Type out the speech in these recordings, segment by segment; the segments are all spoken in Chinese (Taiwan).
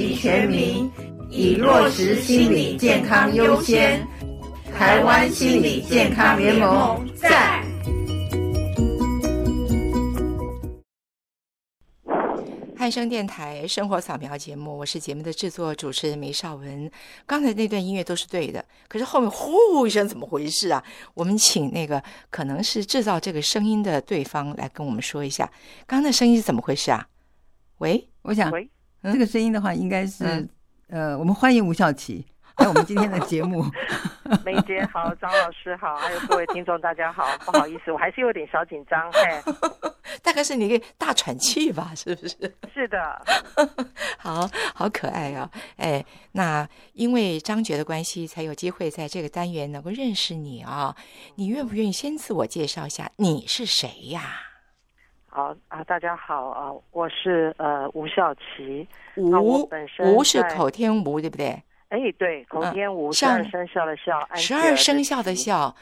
及全民以落實心理健康優先，台灣心理健康聯盟在漢聲電台生活掃描節目，我是節目的制作主持人梅少文。剛才那段音樂都是對的，可是後面呼，呼一聲怎麼回事啊？我們請那個可能是制造這個聲音的對方來跟我們說一下，剛剛的聲音是怎麼回事啊？喂，我想嗯、這個聲音的話，應該是、嗯，呃，我們歡迎吳肖琪來我們今天的節目。梅 姐好，張老師好，還有各位聽眾大家好， 不好意思，我還是有點小緊張，嘿，大概是你一個大喘氣吧，是不是？是的， 好好可愛啊、哦，哎，那因為張珏的關係，才有機會在這個單元能夠認識你啊、哦。你願不願意先自我介紹一下，你是誰呀？好、哦、啊，大家好啊，我是呃吳肖琪，吳、啊、吳是口天吳對不對？哎，對，口天吳十二、啊、生肖的肖，十二生肖的肖，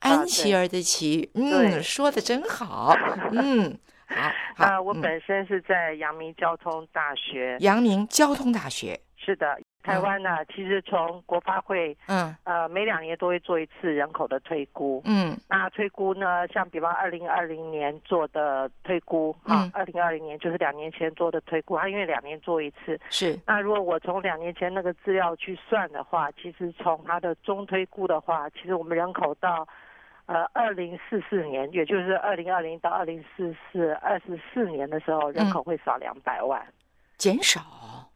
安琪兒的琪、啊，嗯，說得真好、， 嗯、好，好，嗯，好啊，我本身是在陽明交通大學，陽明交通大學。是的，台灣呢、嗯，其實從國發會，嗯，呃，每兩年都會做一次人口的推估，嗯，那推估呢，像比方二零二零年做的推估，哈、嗯，二零二零年就是兩年前做的推估，它、啊、因為兩年做一次，是。那如果我從兩年前那個資料去算的話，其實從它的中推估的話，其實我們人口到，呃，二零四四年，也就是二零二零到二零四四二十四年的時候，人口會少兩百萬，減、嗯、少。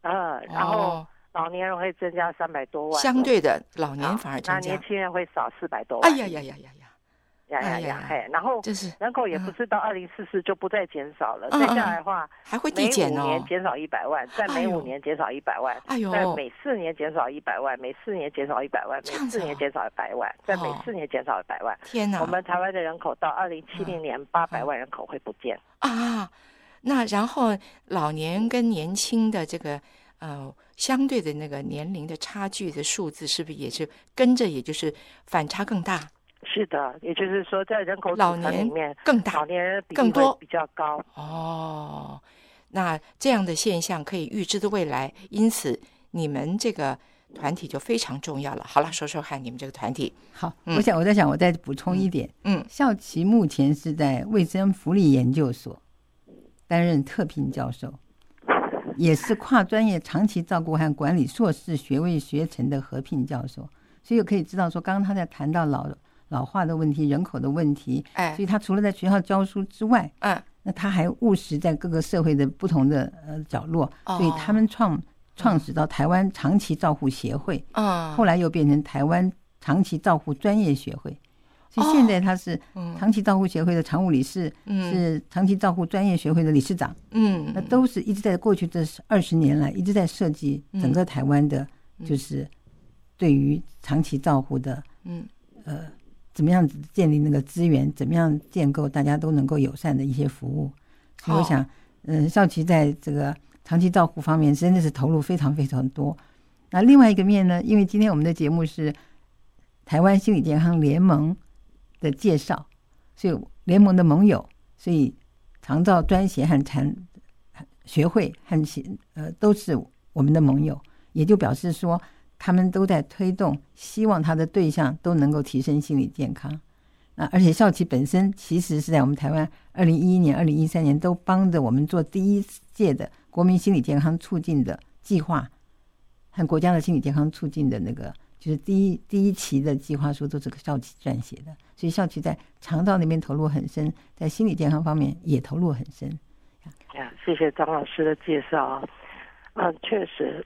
嗯，然後老年人會增加三百多萬，相對的，哦、老年反而增加、啊、年輕人會少四百多萬。哎呀呀呀呀、哎、呀呀、哎、呀，呀、哎呀是！然後人口也不是到二零四四就不再減少了，嗯嗯再下來的話還會遞減、哦、每五年減少一百萬，再、哎、每五年減少一百萬，再、哎、每四年減少一百萬，哎、每四年減少一百萬，哦、每四年減少一百萬，再、哦、每四年減少一百萬、哦。天哪！我們台灣的人口到二零七零年八百萬人口會不見、嗯嗯嗯、啊。那然後，老年跟年輕的這個呃相對的那個年齡的差距的數字，是不是也是跟着，也就是反差更大？是的，也就是說，在人口老年裡面，更大，老年人比例比較高。哦，那這樣的現象可以預知的未來，因此你們這個團體就非常重要了。好了，說說看，你們這個團體。好，嗯、我想我在想，我再補充一點。嗯，肖、嗯、琪目前是在衛生福利研究所。擔任特聘教授，也是跨專業長期照顧和管理碩士學位學程的合聘教授，所以可以知道說，剛剛他在談到老老化的問題、人口的問題，所以他除了在學校教書之外，哎，那他還務實在各個社會的不同的呃角落，所以他們創創始到台灣長期照護協會，後來又變成台灣長期照護專業協會。所以現在他是長期照護協會的常務理事，哦嗯、是長期照護專業學會的理事長嗯，嗯，那都是一直在過去這二十年來一直在設計整個台灣的，就是對於長期照護的嗯，嗯，呃，怎麼樣子建立那個資源，怎麼樣建構大家都能夠友善的一些服務。所以我想，哦、嗯，肖琪在這個長期照護方面真的是投入非常非常多。那另外一個面呢，因為今天我們的節目是台灣心理健康聯盟。的介紹，所以聯盟的盟友，所以長照專協和產學會和呃都是我們的盟友，也就表示說他們都在推動，希望他的對象都能夠提升心理健康。那而且肖琪本身其實是在我們台灣二零一一年、二零一三年都幫着我們做第一屆的國民心理健康促進的計劃和國家的心理健康促進的那個。就是第一第一期的計劃書都是肖琪撰寫的，所以肖琪在長照那邊投入很深，在心理健康方面也投入很深。謝謝張老師的介紹。嗯、啊，確實，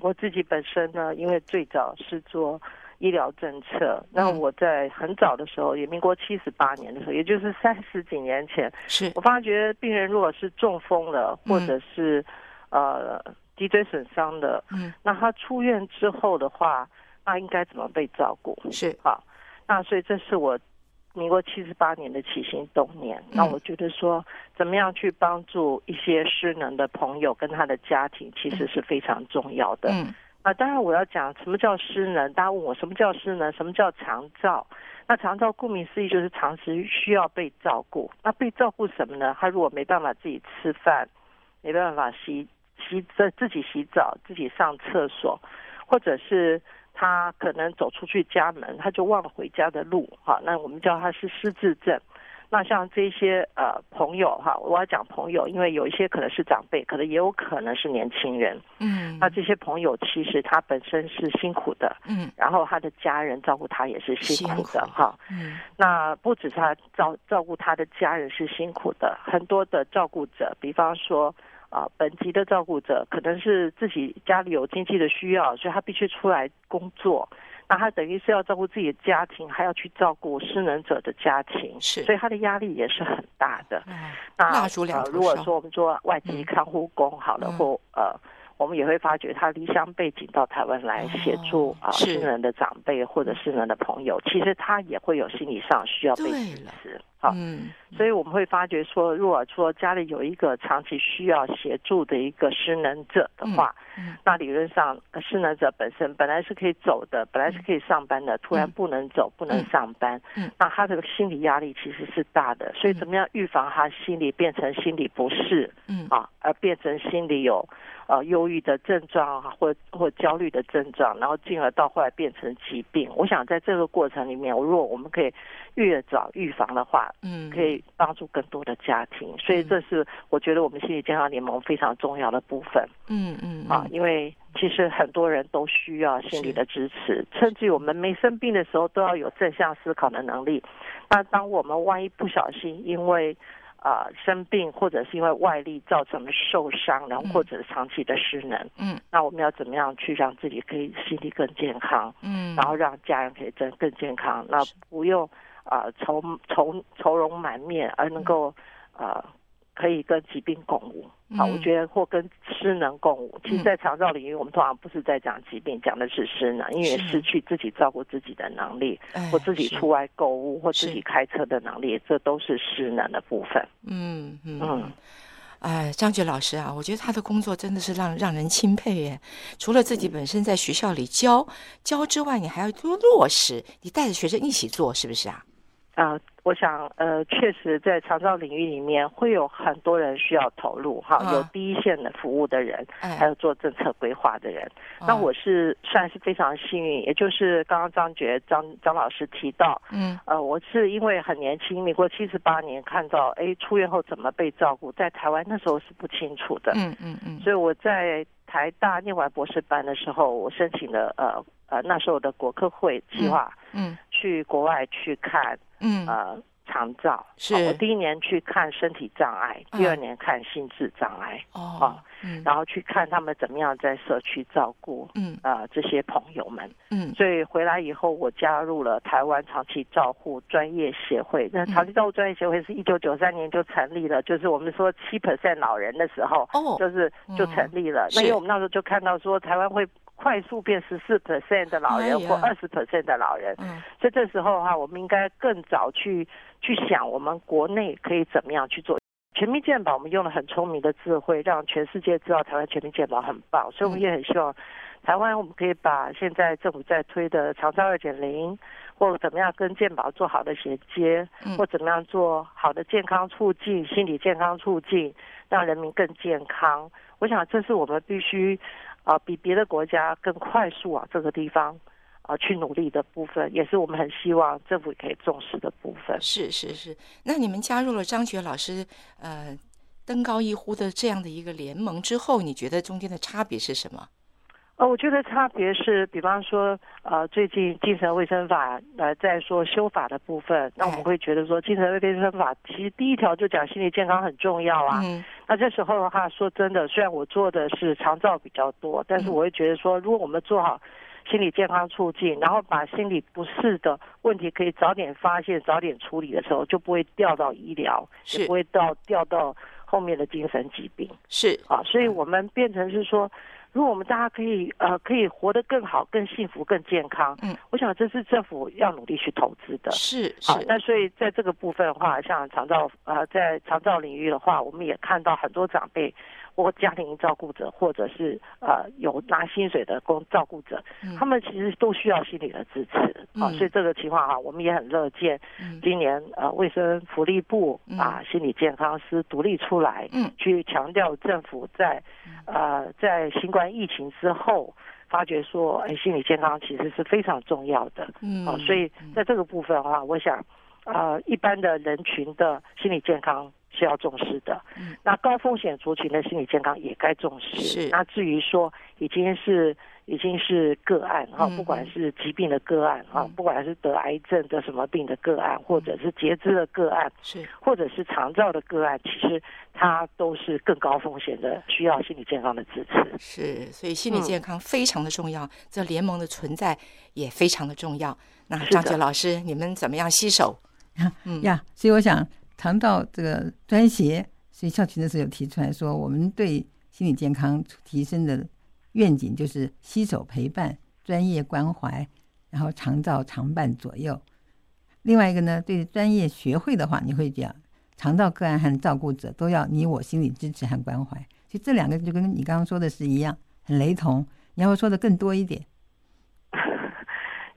我自己本身呢，因為最早是做醫療政策，那我在很早的時候，嗯、也民國七十八年的時候，也就是三十幾年前，是我發覺病人如果是中風的，或者是、嗯、呃脊椎損傷的，嗯，那他出院之後的話。那應該怎麼被照顧？是好，那所以這是我民國七十八年的起心動念。那我覺得說，怎麼樣去幫助一些失能的朋友跟他的家庭，其實是非常重要的。嗯啊，那當然我要講什麼叫失能。大家問我什麼叫失能？什麼叫長照？那長照顧名思義就是長期需要被照顧。那被照顧什麼呢？他如果沒辦法自己吃飯，沒辦法洗洗在自己洗澡、自己上廁所，或者是。他可能走出去家門，他就忘了回家的路，哈。那我們叫他是失智症。那像這些呃朋友哈，我要講朋友，因為有一些可能是長輩，可能也有可能是年輕人，嗯。那這些朋友其實他本身是辛苦的，嗯。然後他的家人照顧他也是辛苦的，哈。嗯。那不止他照照顧他的家人是辛苦的，很多的照顧者，比方說。啊、呃，本籍的照顧者可能是自己家裡有經濟的需要，所以他必須出來工作。那他等於是要照顧自己的家庭，還要去照顧失能者的家庭，是，所以他的壓力也是很大的。嗯、那、嗯呃、蠟燭兩頭燒，如果說我們做外籍看護工，嗯、好了，或、嗯、呃，我們也會發覺他離鄉背井到台灣來協助啊、嗯呃，失能的長輩或者失能的朋友，其實他也會有心理上需要被支持。嗯，所以我們會發覺說，如果說家裡有一個長期需要協助的一個失能者的話，嗯，嗯那理論上失能者本身本來是可以走的，本來是可以上班的，突然不能走、嗯、不能上班嗯，嗯，那他的心理壓力其實是大的，所以怎麼樣預防他心理變成心理不適，嗯，啊，而變成心理有呃憂鬱的症狀啊，或或焦慮的症狀，然後進而到後來變成疾病。我想在這個過程裡面，我如果我們可以越早預防的話，嗯，可以幫助更多的家庭、嗯，所以這是我覺得我們心理健康聯盟非常重要的部分。嗯嗯，嗯啊，因為其實很多人都需要心理的支持，甚至我們沒生病的時候都要有正向思考的能力。那當我們萬一不小心因為啊、呃、生病或者是因為外力造成了受傷，然後或者長期的失能，嗯，那我們要怎麼樣去讓自己可以心理更健康？嗯，然後讓家人可以更更健康，嗯、那不用。啊、呃，愁愁愁容滿面，而能夠啊、呃，可以跟疾病共舞啊，我覺得或跟失能共舞。其實，在長照領域，我們通常不是在講疾病，講的是失能，因為失去自己照顧自己的能力，或自己出外購物、哎、或自己開車的能力，這都是失能的部分。嗯嗯，嗯、哎，張珏老師啊，我覺得他的工作真的是讓讓人欽佩耶。除了自己本身在學校裡教、嗯、教之外，你還要多落實，你帶着學生一起做，是不是啊？啊、呃，我想，呃，確實在長照領域裡面會有很多人需要投入，哈、啊，有第一線的服務的人，啊、還有做政策規劃的人、啊。那我是算是非常幸運，也就是剛剛張珏張張老師提到，嗯，呃，我是因為很年輕，民國七十八年看到，哎，出院後怎麼被照顧，在台灣那時候是不清楚的，嗯嗯嗯。所以我在台大念完博士班的時候，我申請了，呃呃，那時候的國科會計劃，嗯，去國外去看。嗯，呃，腸照是我第一年去看身體障礙，嗯、第二年看心智障礙，哦、啊，嗯，然後去看他們怎麼樣在社區照顧，嗯，啊、呃，這些朋友們，嗯，所以回來以後，我加入了台灣長期照護專業協會。嗯、那長期照護專業協會是一九九三年就成立了，嗯、就是我們說七百 e 老人的時候，哦，就是就成立了。哦嗯、那因為我們那時候就看到說台灣會快速變十四 percent 的老人或二十 percent 的老人，嗯，所以這時候哈，我們應該更早去去想我們國內可以怎麼樣去做全民健保。我們用了很聰明的智慧，讓全世界知道台灣全民健保很棒。所以，我們也很希望台灣，我們可以把現在政府在推的長照二點零或怎麼樣跟健保做好的銜接，或怎麼樣做好的健康促進、心理健康促進，讓人民更健康。我想，這是我們必須。啊，比別的國家更快速啊！這個地方啊，去努力的部分，也是我們很希望政府可以重視的部分。是是是。那你們加入了張珏老師呃，“登高一呼”的這樣的一個聯盟之後，你覺得中間的差別是什麼？哦，我覺得差別是，比方說，呃，最近精神衛生法呃在說修法的部分，那我們會覺得說，精神衛生法其實第一條就講心理健康很重要啊。嗯。那這時候的話，說真的，雖然我做的是長照比較多，但是我會覺得說，如果我們做好心理健康促進，然後把心理不適的問題可以早點發現、早點處理的時候，就不會掉到醫療，是也不會到掉到後面的精神疾病。是。啊，所以我們變成是說。如果我們大家可以呃可以活得更好、更幸福、更健康，嗯，我想這是政府要努力去投資的。是是。那、啊、所以在這個部分的話，像長照呃，在長照領域的話，我們也看到很多長輩。或家庭照顧者，或者是呃有拿薪水的工照顧者、嗯，他們其實都需要心理的支持啊。所以這個情況啊，我們也很樂見、嗯。今年呃衛生福利部啊心理健康司獨立出來，嗯，去強調政府在呃在新冠疫情之後發覺說，哎、呃、心理健康其實是非常重要的。嗯、啊，所以在這個部分的話，我想。呃，一般的人群的心理健康是要重視的。嗯，那高風險族群的心理健康也該重視。是。那至於說已經是已經是個案哈，嗯啊，不管是疾病的個案哈，嗯啊，不管是得癌症的什麼病的個案，嗯，或者是截肢的個案，是、嗯，或者是腸道的個案，其實它都是更高風險的，需要心理健康的支持。是，所以心理健康非常的重要，嗯，這聯盟的存在也非常的重要。那張杰張珏老師，你們怎麼樣洗手？呀、yeah, 嗯，所以我想，長照這個專協，所以校群的時候有提出來說，我們對心理健康提升的願景就是攜手陪伴，專業關懷，然後長照常伴左右。另外一個呢，對專業學會的話，你會講，長照個案和照顧者都要你我心理支持和關懷。其實這兩個就跟你剛剛說的是一樣，很雷同。你要說的更多一點，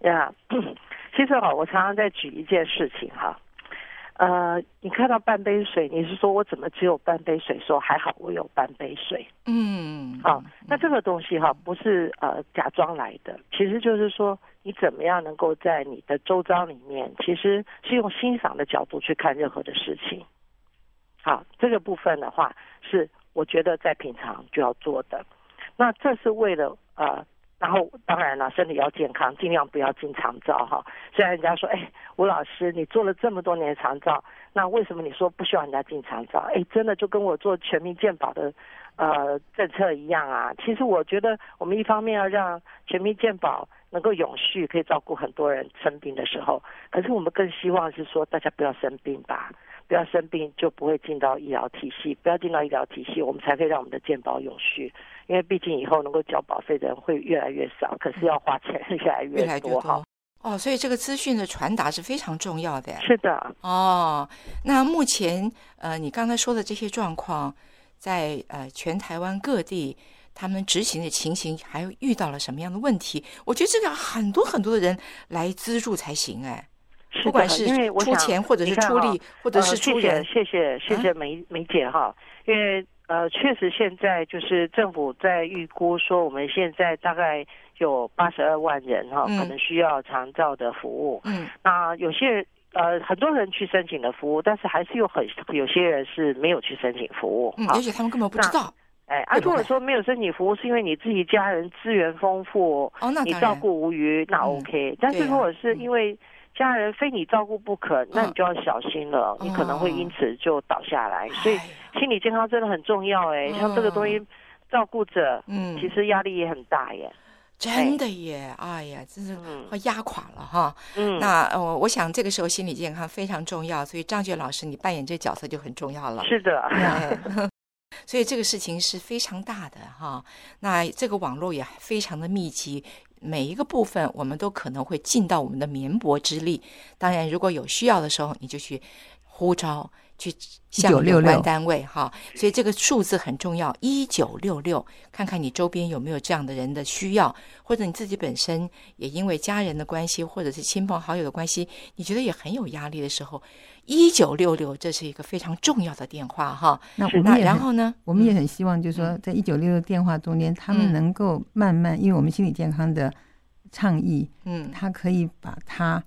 呀、 yeah.。其實哈、哦，我常常在舉一件事情哈，呃，你看到半杯水，你是說我怎麼只有半杯水？說還好我有半杯水，嗯，啊，嗯、那這個東西哈，不是呃假裝來的，其實就是說你怎麼樣能夠在你的周遭裡面，其實是用欣賞的角度去看任何的事情。好、啊，這個部分的話是我覺得在平常就要做的，那這是為了啊。呃然後當然了，身體要健康，盡量不要進長照。哈。雖然人家說，哎，吳老師你做了這麼多年的長照，那為什麼你說不需要人家進長照？哎，真的就跟我做全民健保的呃政策一樣啊。其實我覺得我們一方面要讓全民健保能夠永續，可以照顧很多人生病的時候，可是我們更希望是說大家不要生病吧，不要生病就不會進到醫療體系，不要進到醫療體系，我們才可以讓我們的健保永續。因為畢竟以後能夠交保費的人會越來越少，可是要花錢越來越多，越來越多哦，所以這個資訊的傳達是非常重要的。是的。哦，那目前呃，你剛才說的這些狀況，在呃全台灣各地，他們執行的情形還遇到了什麼樣的問題？我覺得這個很多很多的人來資助才行哎。是不管因為出錢或者是出力是或者是出人、哦呃。謝謝謝謝梅梅、啊、姐哈、哦，因為。呃，確實，現在就是政府在預估說，我們現在大概有八十二萬人哈、哦嗯，可能需要長照的服務。嗯，那、啊、有些人呃，很多人去申請的服務，但是還是有很有些人是沒有去申請服務。嗯，啊、而且他們根本不知道。哎，啊，如果說沒有申請服務，是因為你自己家人資源豐富哦那，你照顧無虞，那 OK。嗯、但是，如果是因為家人非你照顧不可，那你就要小心了。嗯、你可能會因此就倒下來、嗯，所以心理健康真的很重要、欸。哎，像這個東西，照顧者，嗯，其實壓力也很大耶、欸。真的耶，哎,哎呀，真是會壓垮了哈。嗯，那、呃、我想這個時候心理健康非常重要，所以張珏老師你扮演這角色就很重要了。是的。嗯 所以這個事情是非常大的哈，那這個網絡也非常的密集，每一個部分我們都可能會盡到我們的綿薄之力。當然，如果有需要的時候，你就去。呼召去向有關單位 1966, 哈，所以這個數字很重要，一九六六，看看你周邊有沒有這樣的人的需要，或者你自己本身也因為家人的關係或者是親朋好友的關係，你覺得也很有壓力的時候，一九六六，這是一個非常重要的電話，哈，那我們。那然後呢？我們也很希望，就是說，在一九六六電話中間，他們能夠慢慢，嗯，因為我們心理健康的倡議，嗯，他可以把他。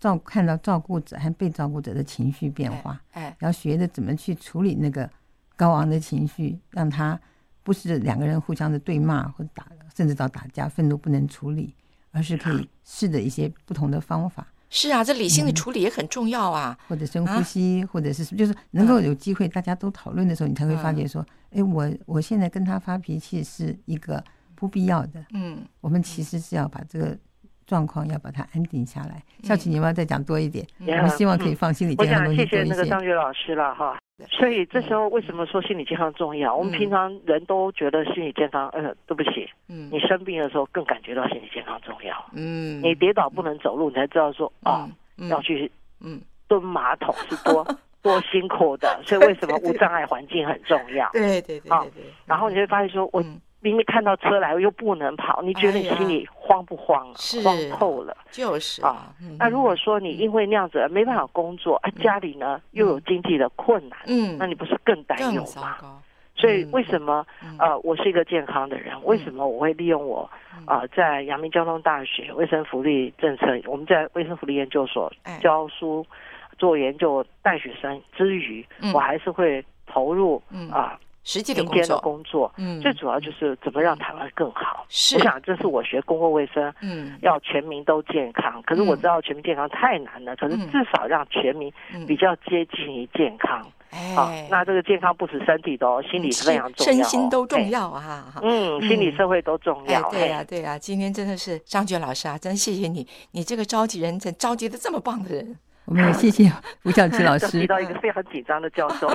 照看到照顧者和被照顧者的情緒變化，哎，哎然後學着怎麼去處理那個高昂的情緒，讓他不是兩個人互相的對罵或者打，甚至到打架，憤怒不能處理，而是可以試着一些不同的方法。啊嗯、是啊，這理性的處理也很重要啊。嗯、或者深呼吸，啊、或者是什麼，就是能夠有機會、嗯、大家都討論的時候，你才會發覺說，嗯、哎，我我現在跟他發脾氣是一個不必要的。嗯，我們其實是要把這個。狀況要把它安定下來，肖、嗯、琪，你要再講多一點，嗯。我們希望可以放心理健康。我想謝謝那個張珏老師了哈。所以這時候為什麼說心理健康重要？嗯、我們平常人都覺得心理健康，嗯、呃，對不起，嗯，你生病的時候更感覺到心理健康重要，嗯，你跌倒不能走路，嗯、你才知道說哦、嗯，要去，嗯，蹲馬桶是多、嗯、 多辛苦的。所以為什麼無障礙環境很重要？對對對對、哦、對，對,對、嗯。然後你會發現說，嗯、我。明明看到車來又不能跑，你覺得你心裡慌不慌？哎，慌透了，是啊，就是啊。那，啊嗯、如果說你因為那樣子而沒辦法工作，嗯、啊，家裡呢又有經濟的困難，嗯，那你不是更擔憂嗎？所以為什麼、嗯、呃，我是一個健康的人，為什麼我會利用我啊、嗯呃，在陽明交通大學衛生福利政策，我們在衛生福利研究所教書、哎、做研究，帶學生之餘、嗯，我還是會投入啊。嗯呃實際的工，間的工作，嗯，最主要就是怎麼讓台灣更好。是，我想這是我學公共衛生，嗯，要全民都健康。嗯、可是我知道全民健康太難了，嗯、可是至少讓全民比較接近於健康。哎、嗯啊，那這個健康不止身體的、哦嗯，心理非常重要、哦，身心都重要啊、哎。嗯，心理社會都重要。對、嗯、呀、哎，對呀、啊啊，今天真的是張珏老師啊，真謝謝你，你這個召集人真召集的這麼棒的人。我們也謝謝吳肖琪老師。遇 到一個非常緊張的教授，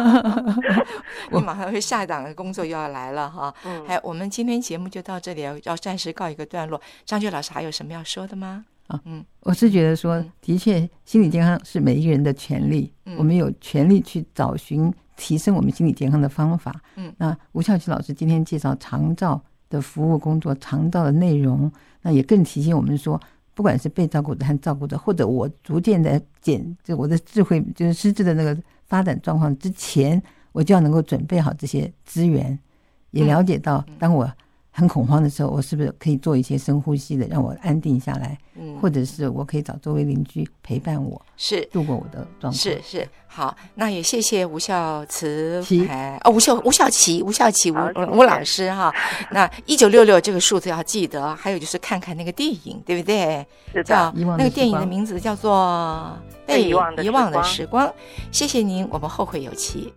我馬上會下一檔的工作又要來了哈。嗯，有、hey, 我們今天節目就到這裡，要暫時告一個段落。張珏老師還有什麼要說的嗎？啊，嗯，我是覺得說、嗯，的確，心理健康是每一個人的權利、嗯。我們有權利去找尋提升我們心理健康的方法。嗯，那吳肖琪老師今天介紹長照的服務工作，長照的內容，那也更提醒我們說。不管是被照顧的還照顧的，或者我逐漸的減，就我的智慧就是失智的那個發展狀況之前，我就要能夠準備好這些資源，也了解到當我。很恐慌的時候，我是不是可以做一些深呼吸的，讓我安定下來？嗯，或者是我可以找周圍鄰居陪伴我，是度過我的狀態。是是好，那也謝謝吳肖琪，哦，吳肖吳肖琪，吳肖琪吳吳，吳老師哈。那一九六六這個數字要記得，還有就是看看那個電影，對不對？是叫那個電影的名字叫做《被遺忘的時光》。謝謝您，我們後會有期。